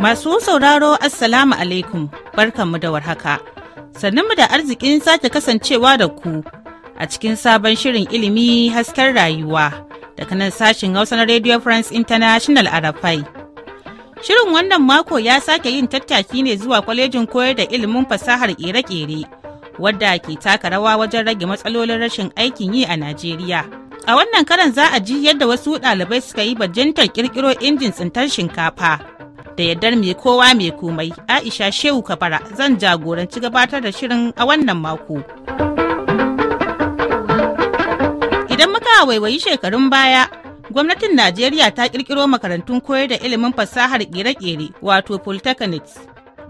Masu sauraro Assalamu alaikum barkanmu da warhaka. mu da arzikin sake kasancewa da ku a cikin sabon shirin ilimi hasken rayuwa daga nan sashin Hausa na Radio France International Arafai. Shirin wannan mako ya sake yin tattaki ne zuwa kwalejin koyar da ilimin fasahar ƙere-ƙere wadda ke taka rawa wajen rage matsalolin rashin aikin yi a Najeriya. A wannan karan za a ji yadda wasu ɗalibai suka yi bajintar ƙirƙiro injin tsintar shinkafa. da yardar mai kowa mai komai aisha shehu kabara zan jagoranci gabatar da shirin a wannan mako idan muka waiwayi shekarun baya gwamnatin najeriya ta kirkiro makarantun koyar da ilimin fasahar kere-kere wato polytechnics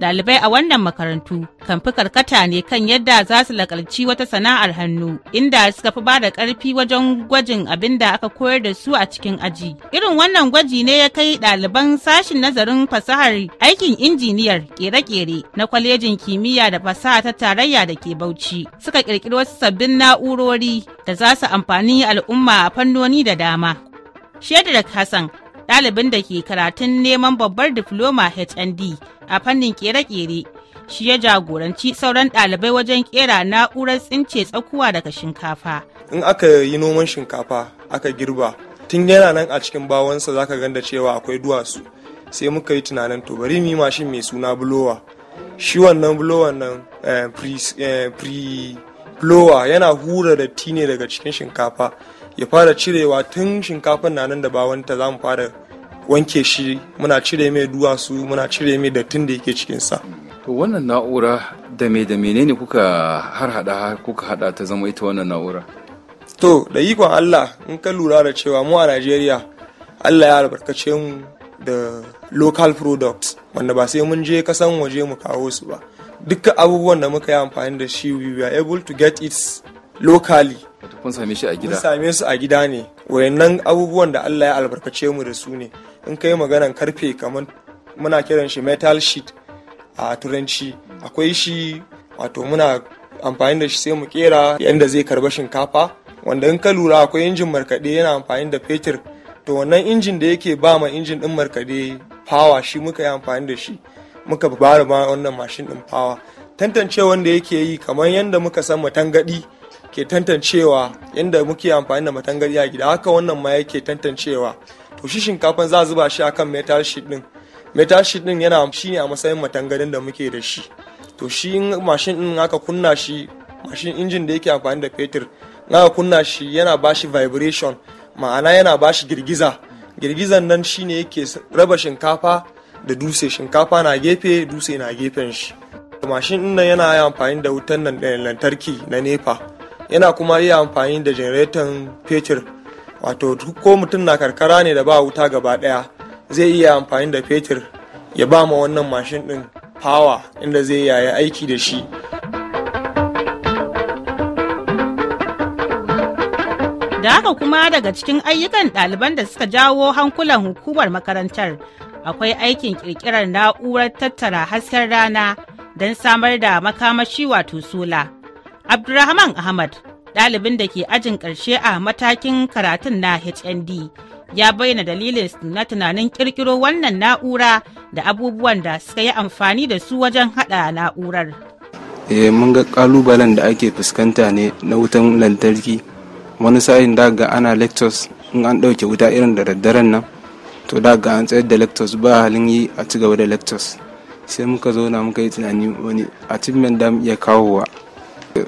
ɗalibai a wannan makarantu kan fi karkata ne kan yadda za su lakalci wata sana'ar hannu inda suka fi ba da karfi wajen gwajin abin da aka koyar da su a cikin aji irin wannan gwaji ne ya kai ɗaliban sashin nazarin fasahar aikin injiniyar kere-kere na kwalejin kimiyya da fasaha ta tarayya da ke bauchi suka kirkiri wasu sabbin na'urori da za su amfani al'umma a fannoni da dama Shedrak Hassan ɗalibin da ke karatun neman babbar difloma HND a fannin kere-kere shi ya jagoranci sauran ɗalibai wajen kera na'urar tsince tsakuwa daga shinkafa. In aka yi noman shinkafa aka girba tun yana nan a cikin bawansa zaka ganda cewa akwai duwatsu sai muka yi tunanin to bari mu mashin mai suna bulowa shi wannan bulowan nan eh, pre eh, yana hura datti ne daga cikin shinkafa ya fara cirewa tun shinkafan na nan da bawanta za mu fara wanke shi muna cire mai duwatsu muna cire mai dattin da yake cikinsa. to wannan na'ura da me da menene kuka har hada kuka hada ta zama ita wannan na'ura to da ikon Allah in ka lura da cewa mu a Najeriya Allah ya albarkace mu da local products wanda ba sai mun je kasan waje mu kawo su ba dukkan abubuwan da muka yi amfani da shi we were able to get it locally kun same shi a gida kun same su a gida ne wayannan abubuwan da Allah ya albarkace mu da su ne in kai maganan karfe kamar muna kiran shi metal sheet a turanci akwai shi wato muna amfani da shi sai mu kera yadda zai karba shinkafa wanda in ka lura akwai injin markaɗe yana amfani da fetur to wannan injin da yake ba ma injin ɗin markaɗe fawa shi muka yi amfani da shi muka bara ma wannan mashin ɗin fawa tantance wanda yake yi kamar yadda muka san matangaɗi ke tantancewa yadda muke amfani da matangaɗi a gida haka wannan ma yake tantancewa to shi shinkafan za a zuba shi akan metal sheet ɗin metashi sheet din yana shine a matsayin matangarin da muke da shi to shi mashin din aka kunna shi mashin injin da yake amfani da fetur aka kunna shi yana bashi vibration ma'ana yana bashi girgiza girgizan nan shine yake raba shinkafa da dutse shinkafa na gefe dutse na gefen shi mashin din nan yana amfani da wutan nan eh, lantarki na nepa yana kuma iya amfani da janareton fetur wato ko mutum na karkara ne da ba wuta gaba daya zai iya amfani da fetur ya ba ma wannan mashin ɗin power inda zai yaya aiki da shi da haka kuma daga cikin ayyukan ɗaliban da suka jawo hankulan hukumar makarantar akwai aikin ƙirƙirar na'urar tattara hasken rana don samar da makamashi wato sola abdulrahman ahmad ɗalibin da ke ajin ƙarshe a matakin karatun na hnd ya bayyana dalilin na tunanin kirkiro wannan na'ura da abubuwan da suka yi amfani da su wajen haɗa na'urar. Eh, mun ga kalubalen da ake fuskanta ne na wutan lantarki wani sa'in daga ana lectures in an ɗauke wuta irin da daddaren nan to daga an tsayar da lectures ba halin yi a ci gaba da lectures sai muka zauna muka yi tunani wani achievement da iya kawowa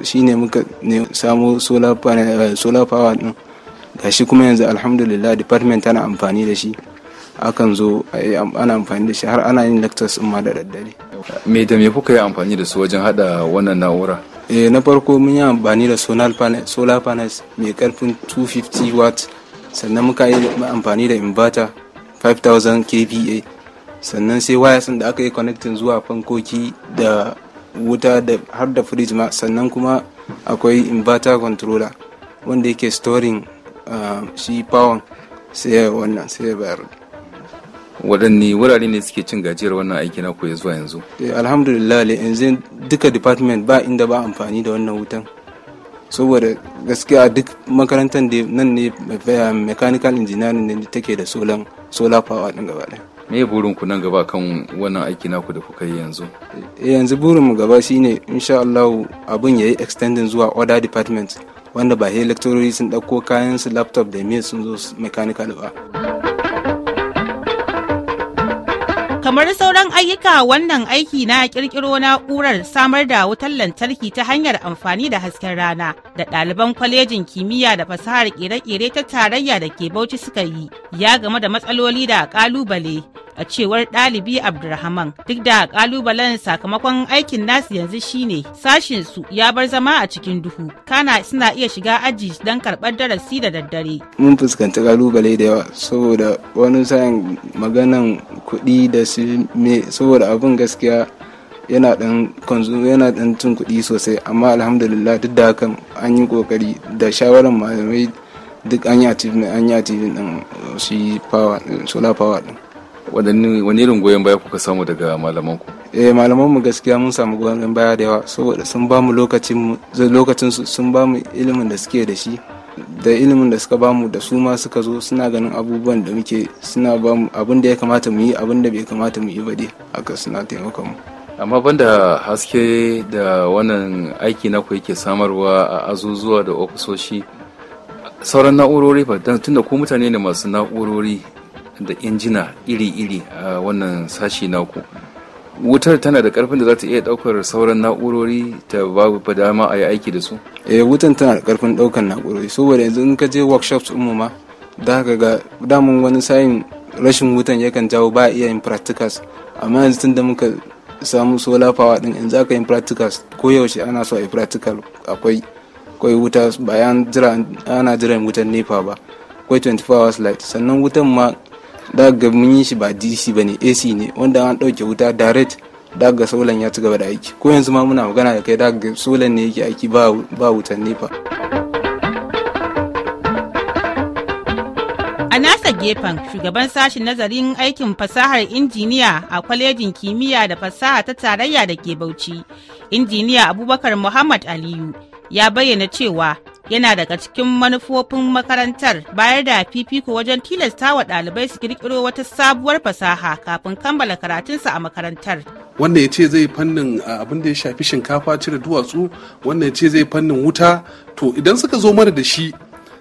shine muka ne samo eh, solar power din gashi kuma yanzu alhamdulillah department tana amfani da shi akan zo ana amfani da shi har ana yin lectures ma da daddare me da me kuka yi amfani da su wajen hada wannan na'ura eh na farko mun yi amfani da solar panel solar panels mai karfin 250 watt sannan muka yi amfani da inverter 5000 kva sannan sai wires da aka yi connecting zuwa fankoki da wuta da har da fridge ma sannan kuma akwai inverter controller wanda yake storing shi fawon sai ya wannan sai ya bayar waɗanne wurare ne suke cin gajiyar wannan aiki na koya zuwa yanzu eh, alhamdulillah yanzu duka department ba inda ba amfani da wannan wutan saboda gaskiya duk makarantar da nan ne eh, mechanical engineering ne take da solar solar power din gaba ɗaya me burin ku nan gaba kan wannan aiki naku da kuka yi yanzu eh, yanzu burin mu gaba shine insha Allah abun yayi extending zuwa other department wanda ba sai sun ɗauko kayan su laptop da me sun zo mechanical ba. kamar sauran ayyuka wannan aiki na kirkiro na'urar samar da wutar lantarki ta hanyar amfani da hasken rana da ɗaliban kwalejin kimiyya da fasahar ƙere-ƙere ta tarayya da ke bauchi suka yi ya game da matsaloli da ƙalubale a cewar ɗalibi Abdulrahman. Duk da kalubalen sakamakon aikin nasu yanzu shine sashin su ya bar zama a cikin duhu. Kana suna iya shiga aji don karɓar darasi da daddare. Mun fuskanci ƙalubale da yawa saboda wani sayan maganan kuɗi da su me saboda abin gaskiya yana dan kanzu yana dan cin kuɗi sosai amma alhamdulillah duk da hakan an yi kokari da shawarar malamai duk an yi achievement an yi achievement din shi power solar power din wani irin goyon baya kuka samu daga malamanku eh malaman mu gaskiya mun samu goyon baya da yawa saboda sun ba mu lokacin lokacin su sun ba mu ilimin da suke da shi da ilimin da suka bamu da su ma suka zo suna ganin abubuwan da muke suna mu abin da ya kamata mu yi abin da bai kamata mu yi ba dai haka suna taimaka mu amma banda haske da wannan aiki na ku yake samarwa a azuzuwa da ofisoshi sauran na'urori ba tunda ku mutane ne masu na'urori da injina iri-iri a wannan sashi naku wutar tana da karfin da za ta iya daukar sauran na'urori ta babu dama a yi aiki da su eh wutan tana da karfin daukar na'urori saboda yanzu in ka je workshops mu ma da ka ga damun wani sayin rashin wutan yakan jawo ba iya yin practicals amma yanzu tun da muka samu solar power din yanzu aka yin practicals ko yaushe ana so a yi practical akwai akwai wuta bayan jira ana jiran wutan nepa ba akwai 24 hours light sannan wutan ma daga mun yi shi ba dc ba ne ac ne wanda an ɗauke wuta direct daga solan ya ci gaba da aiki ko yanzu ma muna magana da kai daga solan ne yake aiki ba wutan nefa A nasa gefen shugaban sashen nazarin aikin fasahar injiniya a kwalejin kimiyya da fasaha ta tarayya da ke Bauchi, injiniya Abubakar Muhammad Aliyu ya bayyana cewa yana daga cikin manufofin makarantar bayar da fifiko wajen tilasta wa ɗalibai su kirkiro wata sabuwar fasaha kafin kammala karatunsa a makarantar. wanda ya ce zai fannin abin da ya shafi shinkafa cire duwatsu wanda ya ce zai fannin wuta to idan suka zo mana da shi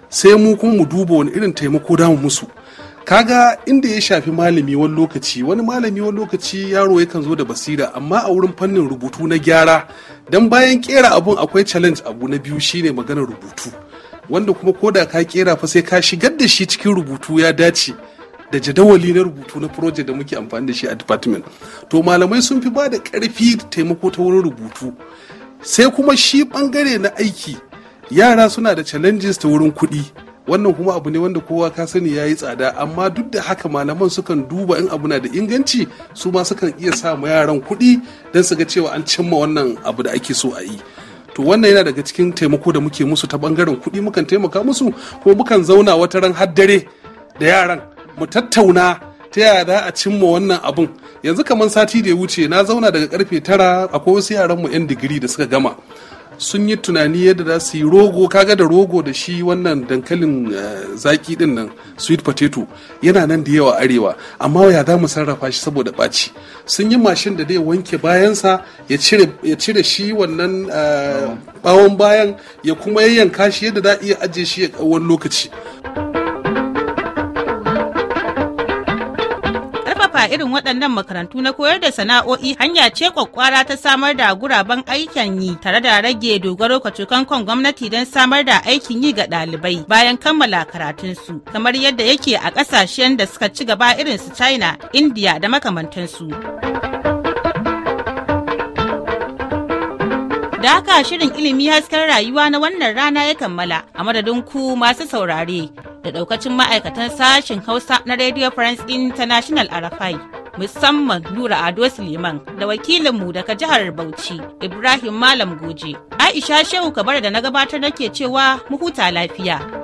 sai mu kuma mu duba wani irin taimako damu musu kaga inda ya shafi malami wani lokaci wani malami wani lokaci yaro ya kan zo da basira amma a wurin fannin rubutu na gyara don bayan kera abun akwai challenge abu na biyu shine maganar rubutu wanda kuma ko da ka kera fa sai ka shigar da shi cikin rubutu ya dace da jadawali na rubutu na project da muke amfani da shi a department to malamai sun fi ba da karfi taimako ta wurin rubutu sai kuma shi bangare na aiki yara suna da challenges ta wurin kuɗi wannan kuma abu ne wanda kowa ka sani ya yi tsada amma duk da haka malaman sukan duba in abu na da inganci su ma sukan iya sa ma yaran kuɗi don su ga cewa an cimma wannan abu da ake so a yi to wannan yana daga cikin taimako da muke musu ta bangaren kuɗi mukan taimaka musu ko mukan zauna wata ran haddare da yaran mu tattauna ta yaya za a cimma wannan abun yanzu kamar sati da ya wuce na zauna daga karfe tara akwai wasu yaran mu yan digiri da suka gama sun yi tunani yadda za su yi rogo kaga da rogo da shi wannan dankalin eh, zaki din nan sweet potato yana nan da yawa arewa amma ya za mu sarrafa shi saboda ɓaci sun yi mashin da zai wanke bayansa ya cire shi wannan eh, bawon bayan ya kuma yayyanka shi yadda za a iya ajiye shi a wani lokaci. irin waɗannan makarantu na koyar da sana'o'i hanya ce kwakwara ta samar da guraben aikin yi tare da rage dogaro kacokan gwamnati don samar da aikin yi ga ɗalibai bayan kammala karatunsu kamar yadda yake a ƙasashen da suka ci gaba irin su China, India da makamantansu. da haka shirin ilimi hasken rayuwa na wannan rana ya kammala a madadin ku masu saurare da daukacin ma'aikatan sashen Hausa na Radio France International Arafai. Musamman Nura Ado Suleiman da wakilinmu daga jihar Bauchi Ibrahim Malam Goje. Aisha Shehu Kabar da na gabatar nake cewa mu huta lafiya.